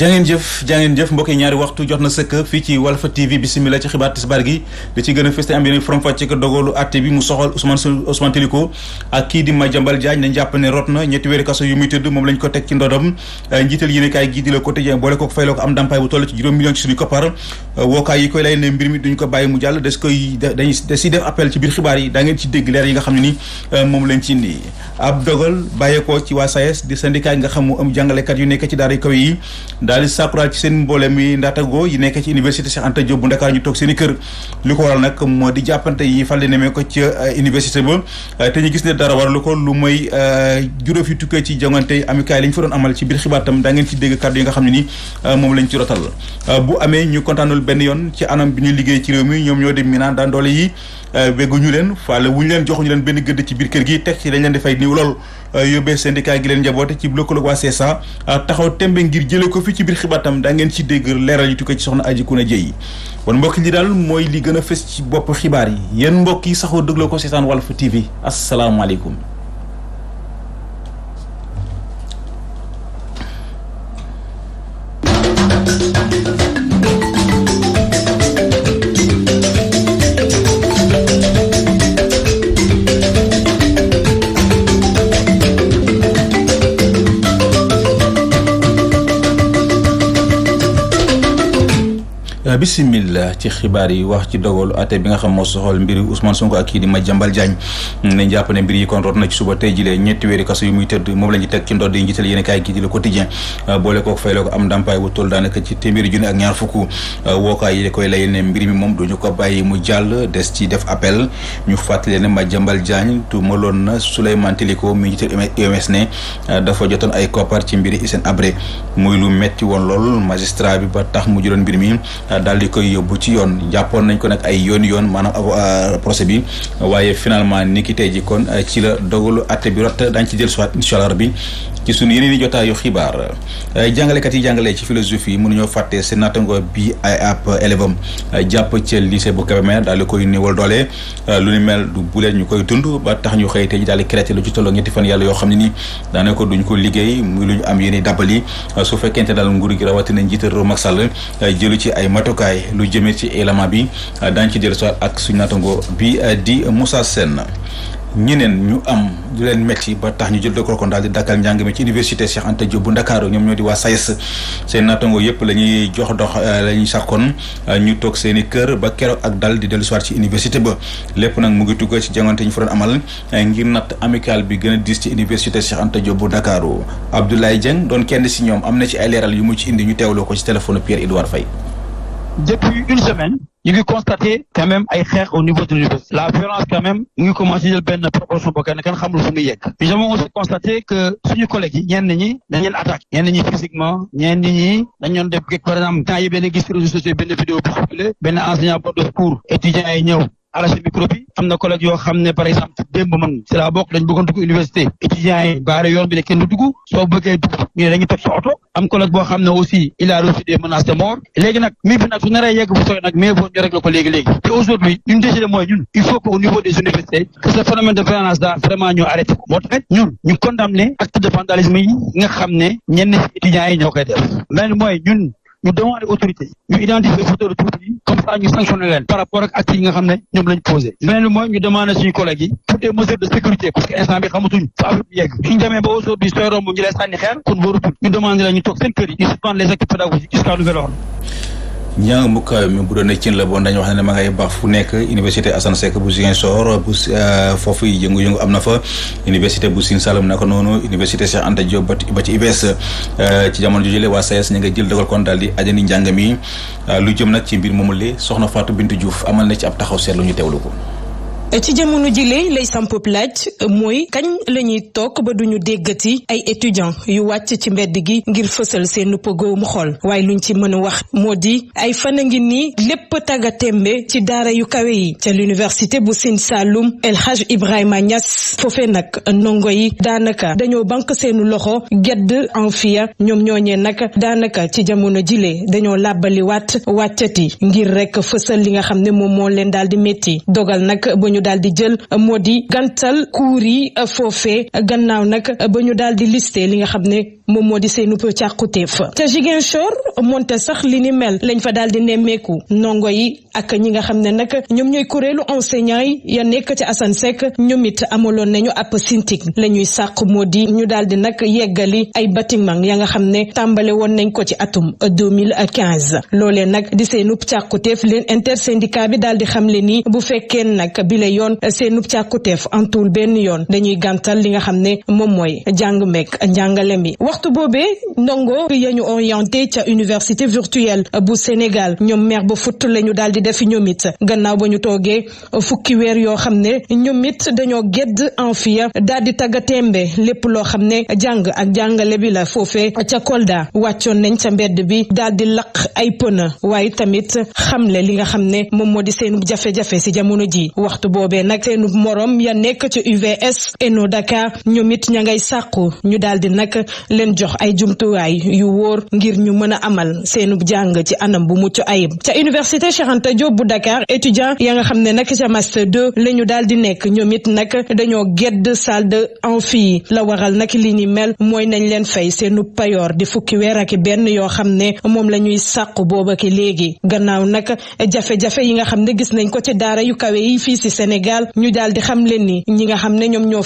jangeen jëf jangeen jëf mbokk yi ñaari waxtu jot na sëkk fii ci Walf TV bisimilah ci xibaar tisbaar gi da ci gën a feste am yeneen forom fàcce ko dogalu àtte bi mu soxal Ousmane Ousmane ak kii di Madiambal Diagne dañ jàpp ne rot na ñetti weeri kaso yu muy tëdd moom lañ ko teg ci ndodam eh, njiital yéen gii di Le Quotidien boole ko fay la ko am ndàmpaay bu toll ci juróom million ci suñu koppar eh, wookaay yi koy lay ne mbir mi duñ ko bàyyi mu jàll des koy dañuy ci biir xibaar yi nga xam ne ni eh, moom e yu nekk ci daara daal di sakuraat ci seen mboolem yi ndaatagoo yi nekk ci université Cheikh Anta Diop bu Ndakaar ñu toog seen kër li ko waral nag moo di jàppante yi fàlle nemee ko ci eh, université ba eh, te ñu gis ko lu mooy eh, juróom yu tukkee ci jongante amical yi ñu fa doon amal ci biir xibaatam daa ngeen ci dégg kàddu yi nga xam ne ni moom lañ ci rotal bu amee ñu kontaanul benn yoon ci anam bi ñuy liggéey ci réew mi ñoom ñoo mi naa daan doole yi wégguñu leen fàlle wuñu leen joxuñu leen benn gëdd ci biir kër gi teg ci dañ leen di fay niw lool Euh, yóbbee syndicat gi leen njaboote ci lëkkaloog waa CSA euh, taxaw tembe ngir jëlee ko fi ci biir xibaatam daa ngeen ci dégg leeral yi tukkee ci soxna Aji Kuna Jeey kon mbokk yi daal mooy li gën a fës ci bopp xibaar yi yéen mbokk yi saxoo dégloo ko seetaan Walf TV asalaamaaleykum ci xibaar yi wax ci dogalu atte bi nga xam moo soxal mbiri Ousmane Sonko ak kii di Madiambal Diagne nañ mbir muy moom la ñu teg ci ndodd yi njiital yéen kaay gi di le quotidien euh, boole kook fay la ko am ndàmpaay bu toll daanaka ci téeméeri junni ak ñaar fukk euh, wookaay yi koy layal ne mu jàll des ci def appel ñu fàttali ne Madiambal Diagne tu maloon na euh, metti woon lool magistrat bi ba tax mu jëloon mbir mi daal koy yóbbu ci ci yoon jàppoon nañ ko nag ay yoon yoon maanaam euh, procès bi waaye finalement ni ji kon euh, ci la dogalu atte bi rot daañu ci jël soit incha allah rabbi ci i jotaayu xibaar euh, jàngalekat yi jàngalee ci philosophie yi mënuñoo fàtte seen naataango bi ay ab élève jàpp ci lycée bu Kébémer daal di koy néewal doole lu ni mel du buleen ñu koy dund ba tax ñu xëy te ñu daal di lu ci tolloo ñetti fan yàlla yoo xam ne ni daanaka duñ ko liggéey muy lu ñu am yéen dabali su fekkente daal nguur gi rawatina njiital Macky Sall jëlu ci ci élément bi euh, dañ ci dellu si ak suñ natangoo bi euh, di Moussa Sène ñeneen ñu am du leen metti ba tax ñu jël de ko daal di dakkal njàng ci université Cheikh Anta Diop bu Ndakaaru ñoom ñoo di waa SAES seen natangoo yëpp la ñuy jox dox euh, la ñuy sàkkoon ñu toog seen i kër ba keroog ak dal di dellu si ci université ba lépp nag mu ngi tuggee ci jongante ñu fa amal ngir natt amical bi gën a diis ci université Cheikh Anta Diop bu Ndakaaru Abdoulaye Dieng doon kenn si ñoom am na ci ay yu mu ci indi ñu teewloo ko ci téléphone Pierre Edouard Faye depuis une semaine ñu ngi constaté quand même ay xeex au niveau de l'université la violence quand même ñu ngi commencé jël benn proportion boo xam ne kenn xamul fu muy yegg nous que suñu collègues yi ñenn ñi dañ leen attaque ñenn ñi physiquement ñenn ñi dañ doon def par exemple temps yi benn gis réseaux sociaux benn vidéo bu xamle benn enseignant bu doon cours yi ñëw arraché micro bi am na collègue yoo xam ne par exemple démb man si laa bokk dañ université étudiants yi baare yoon bi ne kenn du dugg soo bëggee dugg ñu oto am collègue boo xam aussi il a reçu des menaces de mort léegi mi fi nag su naree yegg fu sooy nag mais bon ñu régler ko te aujourd'hui ñun décidé mooy ñun il faut que au niveau des universités que ce de violence là vraiment ñu arrêté ko moo tax ñun ñu acte de vandalisme yi ñu demander autorité ñu identifier photo de trouble yi comme ça ñu sanctionné par rapport ak nga xam ne ñoom lañ posé beneen bi mooy ñu demander suñu collègues yi pour des mesures de sécurité parce que instant bi xamatuñ fa affaire demee ba aujourd'hui sooy romb ñu lay sànni la ñu toog seen kër yi ñu suspendre pédagogiques jusqu'à nouvel ña mbukaayo mi bu ne cin la boon dañu wax ne ma ngay baax fu nekk université assan Seck bu Ziguinchor bu euh, foofu yëngu am na fa université bu Sine Saloum naka noonu université Cheikh Anta Diop ba ci UBS euh, ci jamono jojule waa SAES ñu nga jël dogal kon daal di ajani njàng mi euh, lu jëm nag ci mbir moomu li soxna Fatou bintu Diouf amal na ci ab taxaw lu ñu teewlu ko ci jamono jile lay samp laaj mooy kañ la ñuy toog ba duñu déggati ay étudiants yu wàcc ci mbedd gi ngir fësal seen pëggoomu xol waaye luñ ci mën a wax moo di ay fan a ngi nii lépp tàggatémbe ci daara yu kawe yi ca l'université bu Sine Saloum El Hadj Ibrahima ñas foofee nag ndongo yi daanaka dañoo bank seenu loxo gedd en fia ñoom ñooñee nag daanaka ci jamono jile dañoo làbbaliwaat wàccati ngir rek fësal li nga xam ne moom moo leen daal di métti dogal ñu daal di jël moo di gantal kuur yi foofee gannaaw nag ba ñu daal di listé li nga xam ne moom moo di seenub càquteef te Ziguinchor moonte sax li ni mel lañ fa daal di nemmeeku ndongo yi ak ñi nga xam ne nag ñoom ñooy kuréelu enseignant yi ya nekk ci Assane Seck ñoom it amaloon nañu ab sintik la ñuy sàq moo di ñu daal di nag yeggali ay bâtiment ya nga xam ne tàmbale woon nañ ko ci atum 2015 loolee nag di seenub càquteef leen intersyndicat bi daal di xamle ni bu fekkee nag bi la yoon seenub càquteef antuwul benn yoon dañuy gàntal li nga xam ne moom mooy jàng meek njàngale waxtu boobee ndongo ya ñu orienté ca université virtuelle bu Sénégal ñoom meex ba futt la ñu daal di def ñoom it gannaaw ba ñu toogee fukki weer yoo xam ne ñoom it dañoo gedd en fia daal di taggatémbe lépp loo xam ne jàng ak jàngale bi la foofee ca Kolda wàccoon nañ ca mbedd bi daal di laq ay pëna waaye tamit xam leen li nga xam ne moom moo di seen jafe-jafe si jamono ji waxtu boobe nag seen moroom ya nekk ca UVS eno Dakar ñoom ña ngay sàqu ñu leen jox ay jumtuwaay yu wóor ngir ñu mën a amal seenu jàng ci anam bu mucc ayib ca université Cheikh Anta Diop bu Dakar étudiant ya nga xam ne nag ca master 2 la ñu daal di nekk ñoom it nag dañoo gedd salle de amphi la waral nak li ni mel mooy nañ leen fay seenu payoor di fukki weer ak benn yoo xam ne moom la ñuy sàqu booba ki léegi gannaaw nag jafe-jafe yi nga xam ne gis nañ ko ci daara yu kawe yi fii ci Sénégal ñu dal di xam leen ni ñi nga xam ne ñoom ñoo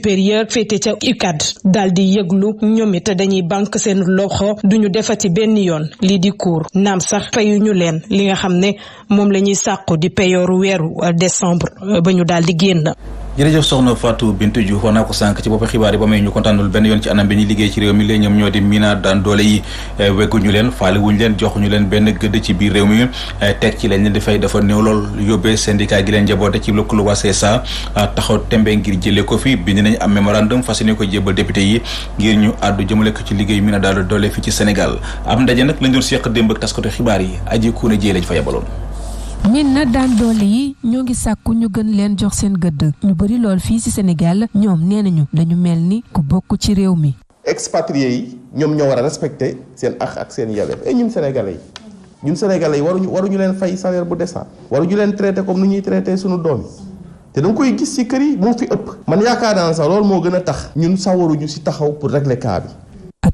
supérieur féete ca UCAD daal di yëglu ñoom it dañuy banque seen loxo du ñu duñu ci benn yoon lii di cour naam sax fayuñu leen li nga xam ne moom la ñuy sàqu di peyooru weeru euh, décembre euh, ba ñu daal di génn jërëjëf soxna Fatou Bintou Diouf wax naa ko sànq ci bopp xibaar yi ba may ñu kontaanul benn yoon ci anam bi ñuy liggéey ci réew mi léegi ñoom ñoo di mina daan doole yi eh, wegguñu leen faale leen joxuñu leen benn gëdd ci biir réew mi eh, teg ci lañ leen di fay dafa néew lool yóbbee syndicat gi leen njaboote ci lëkkaloo waa CSA eh, taxaw tembe ngir jëlee ko fi bind nañ am mémorandum fas yéene ko jébbal député yi ngir ñu àddu jëmale ko ci liggéey mina daal doole fii ci Sénégal am ndaje nag lañ doon séq démb ak taskatu xibaar yi aji kuune jee lañ fa yabaloon ñin na daan doole yi ñoo ngi sàkku ñu gën leen jox seen gëdd ñu bëri lool fii ci Sénégal ñoom nee ñu dañu mel ni ku bokk ci réew mi expatriés yi ñoom ñoo war a respecté seen ak ak seen yelleef et eh, ñun sénégalais yi ñun sénégalais yi waruñu waruñu leen fay salaire bu décent waruñu leen traité comme ni ñuy traité suñu doom yi te da koy gis ci kër yi moo fi ëpp man yaakaar naa sax loolu moo gën a tax ñun sawaruñu ci taxaw pour régler cas bi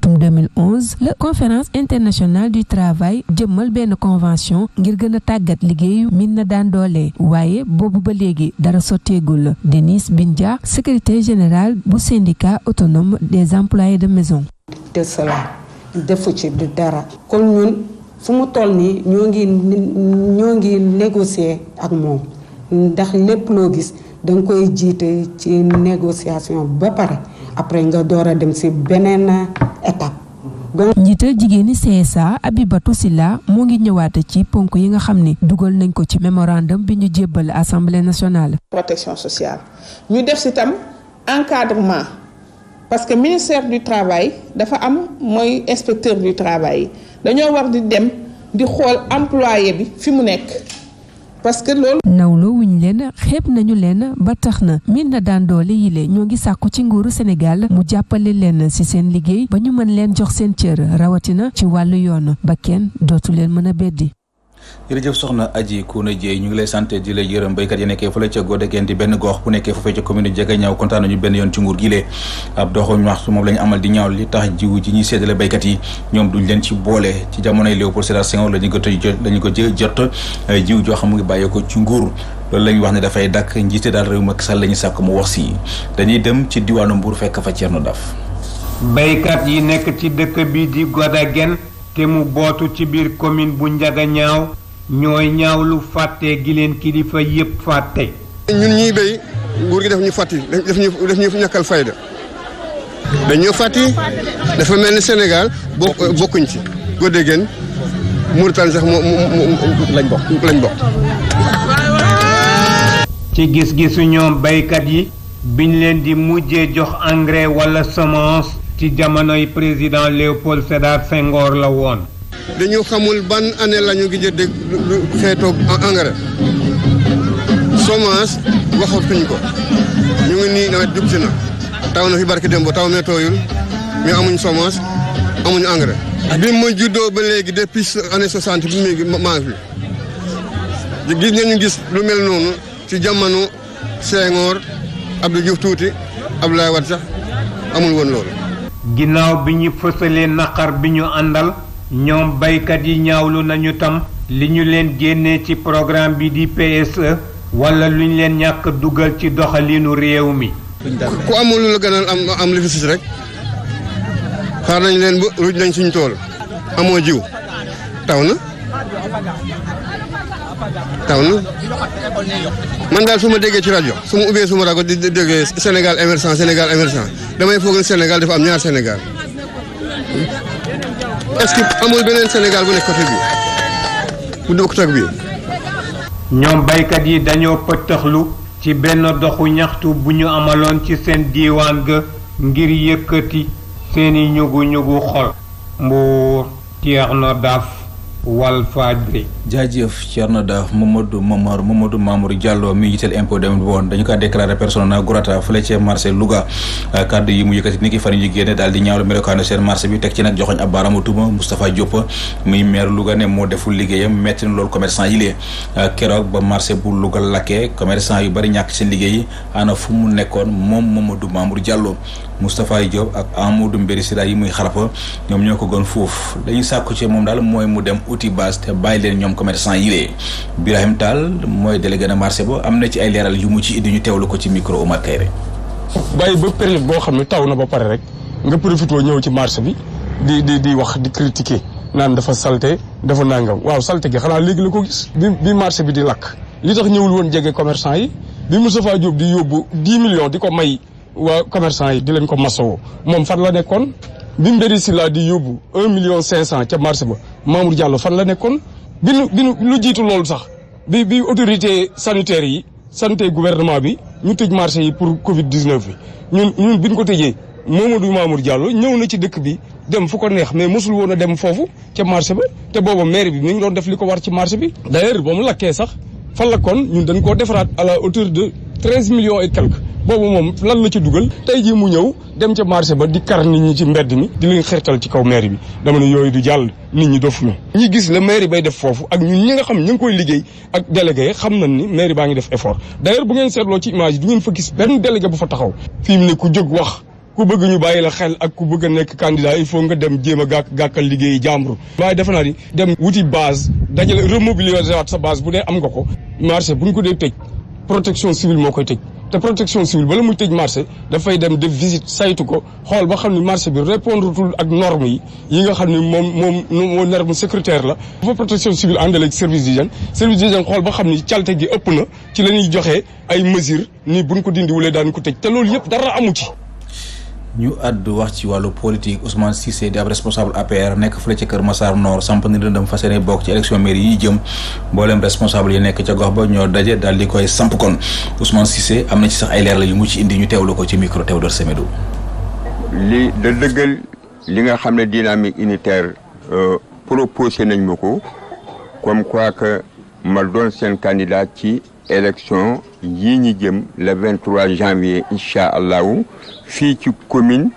atum 2011 la conférence internationale du travail jëmmal benn convention ngir gën a tàggat liggéeyu min na daan doole waaye boobu ba léegi dara sotteegul la Denis Bindia secrétaire général bu syndicat autonome des employés de maison. de defu ci du dara kon ñun fu mu toll nii ñoo ngi ñoo ngi négocier ak moom ndax lépp loo gis danga koy jiite ci négociation ba pare. après nga door a dem si beneen étape. njiital jigéeni CSA Abibatou Silla moo ngi ñëwaat ci ponk yi nga xam ni dugal nañ ko ci mémorandum bi ñu jébbal assemblée nationale. protection sociale ñu def si tam encadrement parce que ministère du travail dafa am mooy inspecteur du travail dañoo war di dem di xool employé bi fi mu nekk. parce que loolu. nawloo wuñ leen xeeb nañu leen ba tax na miin na daan doole yile ñoo ngi sàkku ci nguuru Sénégal mu jàppale leen ci seen liggéey ba ñu mën leen jox seen cër rawatina ci wàll yoon ba kenn dootu leen mën a beddi. jërëjëf soxna Aji Kouna Dieye ñu ngi lay sant di lay yërëm béykat yi nekkee fële ca Godegeen di benn gox bu nekkee foofee ca commune Ndiaga Niaw kontaan nañu benn yoon ci nguur gi ab doxu ñaxtu moom la ñu amal di ñaaw li tax jiwu ji ñuy séddale béykat yi ñoom duñ leen ci boole ci jamonoy Léopold Sédar Senghor la ñu ko la ñu ko jot jiw joo xam mu ngi bàyyee ko ci nguur loolu la ñu wax ne dafay dakk njiite daal réew Macky Sall la ñu sàkk mu wax si dañuy dem ci diwaanu te mu bootu ci biir commune bu Njagañaaw ñooy ñaaw lu fàtte gi leen kilifa yépp fàtte. ñun ñuy béy nguur gi daf ñu fàtti daf ñu daf ñu ñàkkal fayda dañoo fàtti dafa mel ni Sénégal bokk bokkuñ ci. Godé Gén Mauritanie sax moo lañ bokk lañ bokk. ci gis-gisu ñoom baykat yi biñ leen di mujjee jox engrais wala semence. ci jamonoy président Léopold Sédar Senghor la woon. dañu xamul ban année la ñu gis dégg xeetoog engrais semence waxatuñ ko ñu ngi nii nawet jub si na taw na fi barki démb taw na tooyul mais amuñ semence amuñ engrais. bi ma juddoo ba léegi depuis année soixante bi léegi maa ngi fi gis gis lu mel noonu ci jamono Senghor Abdou Diouf tuuti Abdoulaye Wade sax amul woon loolu. ginnaaw bi ñu fësalee naqar bi ñu àndal ñoom baykat yi ñawlu nañu tam li ñu leen génnee ci programme bi di ps e wala lu ñu leen ñàkk dugal ci doxaliinu réew mi. ku amul lu la gënal am am li rek xaar nañ leen bu ruj nañ suñ tool amoo jiw taw na taw na. man daal su ma déggee ci rajo su ma ubbee su ma rajo di déggee Sénégal émergent Sénégal émergent damay foog ne Sénégal dafa am ñaar Sénégal est-ce que amul beneen Sénégal bu nekk côté bi bu bokkut ak bii. ñoom baykat yi dañoo pëtëxlu ci benn doxu ñaxtu bu ñu amaloon ci seen diiwaan ga ngir yëkkati seeni ñugu ñugu xol. Mbuur Thierno Daaf. Walfadjri. jaajëf Thierno Daaf Mamadou Mamar Mamadou Mamour Diallo mi ngi jiital impôt demit woon dañu ko déclaré personne non grata fële ci marché Louga ah, kàddu yi mu yëkkati ni ki fan yi génne daal di ñaawlu melokaanu seen marché bi teg ci nag joxoñ ab baaraamu tuuma Moustapha Diop muy maire Louga ne moo deful liggéeyam metti na loolu commerçant yi lee ah, keroog ba marché bu Louga lakkee commerçant yu bari ñàkk seen liggéey ana fu mu nekkoon moom Mamadou Mamour Diallo Moustapha Diop ak Amadou Mbéri Sila yi muy xarapa ñoom ñoo ko gën foofu dañuy sàkku ci moom daal mooy mu dem outil base te bàyyi leen ñoom commerçant yi lee Birahim Tall mooy délégué de marché ba am na ci ay leeral yu mu ci indi ñu teewlu ko ci micro Omar bàyyi ba période boo xam ne taw na ba pare rek nga profit profité ñëw ci marché bi di di di wax di critiquer naan dafa salte dafa nangam waaw salte gi xanaa léegi la ko gis bi bi marché bi di lakk li tax ñëwul woon jege commerçant yi bi Moustapha Diop di yóbbu 10 di ko may waa commercant yi di leen ko masawoo moom fan la nekkoon bi Mbéri Sylla di yóbbu un million cinq cent ca marché ba Mamour Diallo fan la nekkoon bi nu lu jiitu loolu sax bi bi autorité sanitaire yi santé gouvernement bi ñu tëj marché yi pour Covid 19 bi ñun ñun bi ñu ko tëjee Mamadou Mamour Diallo ñëw na ci dëkk bi dem fu ko neex mais mosul woon a dem foofu ca marché ba te booba maire bi mi ngi doon def li ko war ci marché bi. d'ailleurs ba mu lakkee sax fa lakkoon ñun dañ koo defaraat la hauteur treize millions et quelques boobu moom lan la ci dugal tey jii mu ñëw dem ca marché ba di kar nit ñi ci mbedd mi di leen xeetal ci kaw maire bi dama ne yooyu du jàll nit ñi dof na ñi gis la maire bay def foofu ak ñun ñi nga xam ñu ngi koy liggéey ak délégué xam na ni maire baa ngi def effort d'ailleurs bu ngeen seetloo ci image yi du ngeen fa gis benn délégué bu fa taxaw fii mu ne ku jóg wax ku bëgg ñu bàyyi la xel ak ku bëgg a nekk candidat il faut nga dem jéem a gàkk gàkkal liggéey jàmbur. waaye defe ni dem wuti base dajale remobiliser waat sa base bu dee am nga ko marché bu ñu ko dee tëj protection civile moo koy tëj te protection civile bala muy tëj marché dafay dem def visite saytu ko xool ba xam ne marché bi répondre tul ak normes yi yi nga xam ne moom moom moom norme sécuritaire la. bu fa protection civile àndal ak service d'hygiène service d'hygiène xool ba xam ni calte gi ëpp na ci la ñuy joxe ay mesures ni buñ ko dindi wulee daan ko tëj te loolu yëpp dara amu ci. ñu àddu wax ci wàllu politique Ousmane Cissé di ab responsable APR nekk fële ca Kër Massar Nord samp ni dëndam fas yéene bokk ci élection mairie yi jëm mbooleem responsable yi nekk ca gox ba ñoo daje daal di koy samp kon Ousmane Cissé am na ci sax ay leeral yu mu ci indi ñu teewlu ko ci micro Théodore Semedo li da dëggal li nga xam ne dynamique unitaire euh, proposé nañ ma ko comme quoi que ma doon seen candidat ci élection yii ñi jëm le 23 janvier incha allahu fii ci commune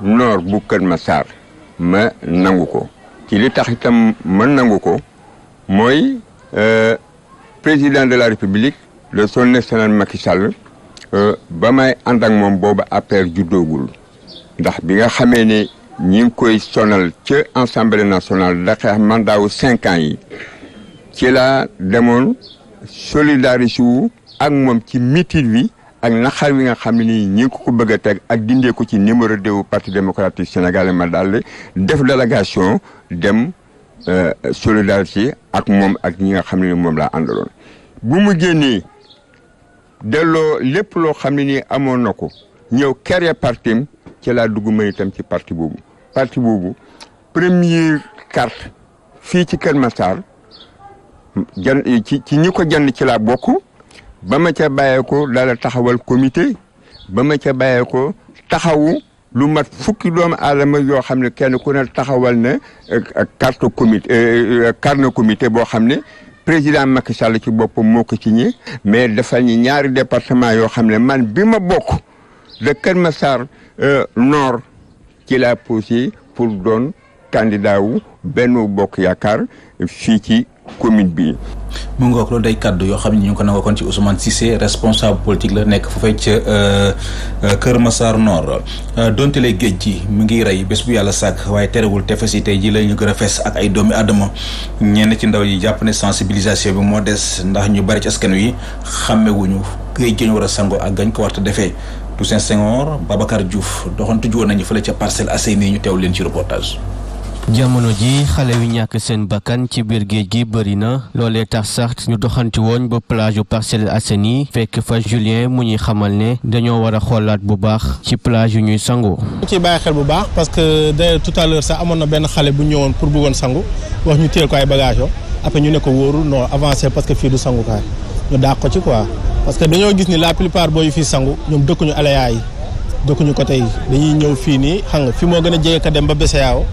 nord bu Kër Massar ma nangu ko ci li tax itam ma nangu ko mooy euh, président de la république de son excellence Macky Sall euh, ba may ànd ak moom booba affaire juddoogul ndax bi nga xamee ni ñi ngi koy sonal ca assemblée nationale da xeex mandat wu yi ci laa demoon solidarité wu ak moom ci mitin wi ak naxar wi nga xam ne nii ñi ko bëgg a teg ak dindee ko ci numéro deux wu parti démocratique sénégalais ma daal def délégation dem euh, solidarité ak moom ak ñi nga xam ne ni moom laa àndaloon bu mu génnee delloo lépp loo xam ne nii amoon na ko ñëw kere partim ci laa dugg man itam ci parti boobu parti boobu première carte fii ci Kër Massar jan ci ci ñi ko jënd ci la bokk ba ma ca bàyyeekoo daal taxawal comité ba ma ca bàyyeekoo taxawu lu mat fukki doomu aadama yoo xam ne kenn ku ne taxawal na euh, carte comité euh, euh, carnet comité boo xam ne président Macky Sall ci boppam moo ko ci ñi mais defal ñaari département yoo xam ne man bi ma bokk de Keur Massar Nord ci laa posé pour doon candidat wu Benno Bokk Yaakaar fii ci commune bi. mu ngoog loolu day kàddu yoo xam ne ñu ngi ko nangoo kon ci Ousmane Cissé responsable politique la nekk foofee ca euh, euh, Kër Massar Nord euh, donte lay géej gi mu ngi rey bés bu yàlla sàkk waaye terewul tefes yi tey ji la ñu gën a fees ak ay doomi aadama ñenn ci ndaw yi jàpp ne sensibilisation bi moo des ndax ñu bari ci askan wi xàmmewuñu géej gi ñu war sangoo ak gañ ko war a defee Toussaint Senghor Babacar Diouf doxantu juwoon nañu fële ca parcel Parcelles nii ñu teew leen ci reportage. jamono ji xale yu ñàkk seen bakkan ci biir géej gi bëri na loolee tax sax ñu doxanti woon ba plage yu Parcelles Assainies fekk fa Julien mu ñuy xamal ne dañoo war a bu baax ci plage yu ñuy sangu. ñu ciy bàyyi xel bu baax parce que d'ailleurs tout sax amoon na benn xale bu ñëwoon pour bëggoon sangu wax ñu téel ko ay bagages yoo après ñu ne ko wóorul non avancé parce que fii du sangukaay ñu dàq ko ci quoi parce que dañoo gis ni la plupart booy fii sangu ñoom dëkkuñu aleyaa yi dëkkuñu côté yi ñëw fii nii xam nga fi moo gën a jege ka dem ba Besseyaaw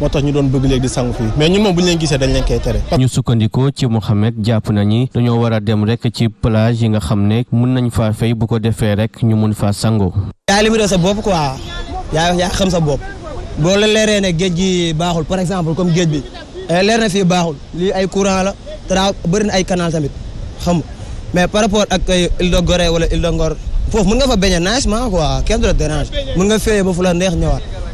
moo tax ñu doon bëgg léegi di sangu fii mais ñun moom bu ñu leen gisee dañ leen koy tere. ñu sukkandikoo ci Mouhamed jàpp nañu dañoo war a dem rek ci plage yi nga xam ne mun nañ faa fay bu ko defee rek ñu mun faa sangu. yaa limité sa bopp quoi yaa yaa xam sa bopp boo la leeree ne géej gi baaxul par exemple kom géej bi eh, leer na fii baaxul li ay courant la tra bëri na ay canal tamit xam mais par rapport ak Île de gore wala Île de Ngor foofu mën nga fa bañ a naaj quoi kenn du nga féeyee ba fu la neex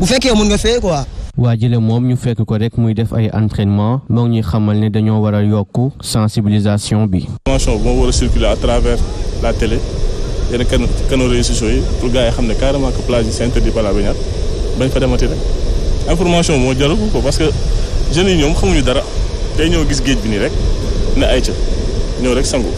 bu fekkee mën nga féey quoi. waa jële moom ñu fekk ko rek muy def ay entraînement moo ñuy xamal ne dañoo war a yokk sensibilisation bi. information bu ma war a circuler à travers la télé yenn canaux canaux réseaux sociaux yi pour gars xam ne carrément que plage yi c'est interdit par la baignade bañ fa demati rek information moo jaral ko parce que jeunes yi ñoom xamuñu dara tey ñëw gis géej bi nii rek ne ay ca ñëw rek sangu.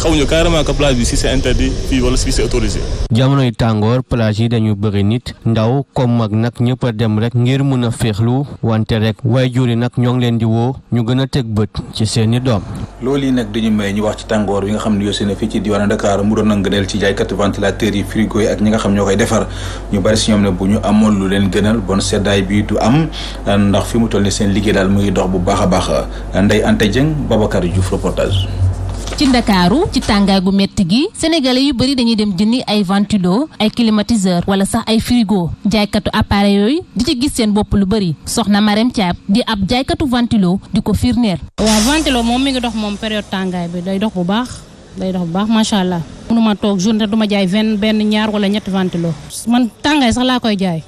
xamuñu carrément que plage bi si c'est interdit fii wala si c'est autorisé. jamonoy tàngoor plage yi dañu bëri nit ndaw comme mag nag ñëpp dem rek ngir mun a féexlu wante rek waaye juri nag ñoo ngi leen di woo ñu gën a teg bët ci seeni doom. loolu yi nag ñu may ñu wax ci tàngoor wi nga xam ne yosee na fii ci diwaanu Dakar mu doon na ngëneel ci jaaykatu ventilateur yi frigo yi ak ñi nga xam ñoo koy defar ñu bari si ñoom ne bu ñu amoon lu leen gënal bon seddaay bi du am ndax fi mu toll seen liggéey daal mu ngi dox bu baax a baax Ndeye Anta Dieng Babacar Diouf reportage ci ndakaaru ci tàngaay gu métti gi sénégalais yu bëri dañuy dem jëndi ay ventilo ay climatiseur wala sax ay frigo jaaykatu appareil yooyu di ci gis seen bopp lu bëri soxna Marème Thiam di ab jaaykatu ventilo di ko firndeer. waaw ventilo moom mi ngi dox moom période tàngaay bi day dox bu baax day dox bu baax macha allah. mënuma toog journée duma jaay vingt benn ñaar wala ñetti ventilo man tàngaay sax laa koy jaay.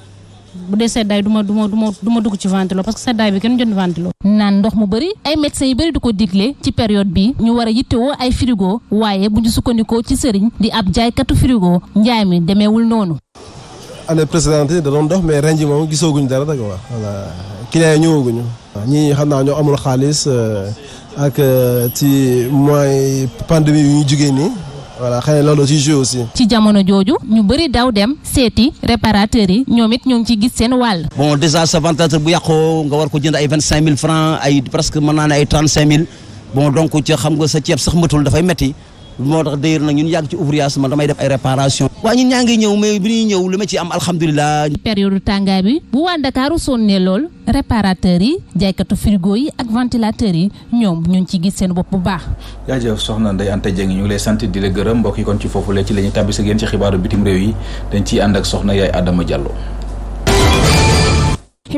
bu dee seddaay duma ma du ma du ma du ma dugg ci ventilo parce que seddaay bi kenn jënd ventilo naan ndox mu bëri ay médecins yu bëri di ko digle ci période bi ñu war a yittewoo ay frigo waaye bu ñu sukkandikoo ci sëriñ di ab jaaykatu frigo njaay mi demeewul noonu année président da doon dox mais ren ji moom gisooguñu dara rek waa voilà client yi ñëwooguñu ñii xam naa ñoo amul xaalis euh, ak euh, ci mooy pandémie yu ñu jugee voilà xëy na loolu aussi joue ci jamono jooju ñu bëri daw dem seeti réparateur yi ñoom it ñoo ngi ci gis seen wàll. bon déjà sa ventilateur bu yàqoo nga war ko jënd ay vingt cinq mille francs ay presque mën naa ne ay trent cinq mille bon donc ci xam nga sa ceeb sax matul dafay metti moo tax d'ailleurs nag ñun yàgg ci ouvrage man damay def ay réparation waa ñun ñaa ngi ñëw mais bi ñuy ñëw li ma ci am alhamdulilah. période tàngaay bi bu waa Ndakaaru sonnee lool réparateur yi jaaykatu frigo yi ak ventilateur yi ñoom ñu ngi ci gis seen bopp bu baax. jaajëf soxna Ndeye Anta Dieng ñu ngi lay sant di la gërëm mbokk yi kon ci foofu la ci la ñuy tàmbali sa génn ci xibaaru bitim réew yi dañ ciy ànd ak soxna yaay Adama Diallo.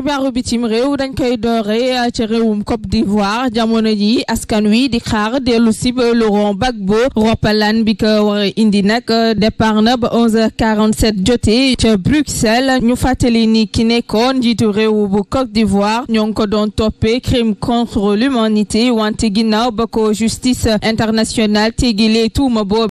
xibaaru bitim réew dañ koy doore eh, ca réewum Côte d'Ivoire jamono ji askan wi di xaar dellu sib Laurent Gbagbo roppalaan bi ko war a indi nag eh, départ na ba 11h47 jotee ca Bruxelles ñu fàttali ni ki nekkoon njiitu réew bu Côte d'Ivoire ñoo ngi ko doon toppee crime contre l'humanité wante ginnaaw ba ko justice internationale tegilee tuuma boobu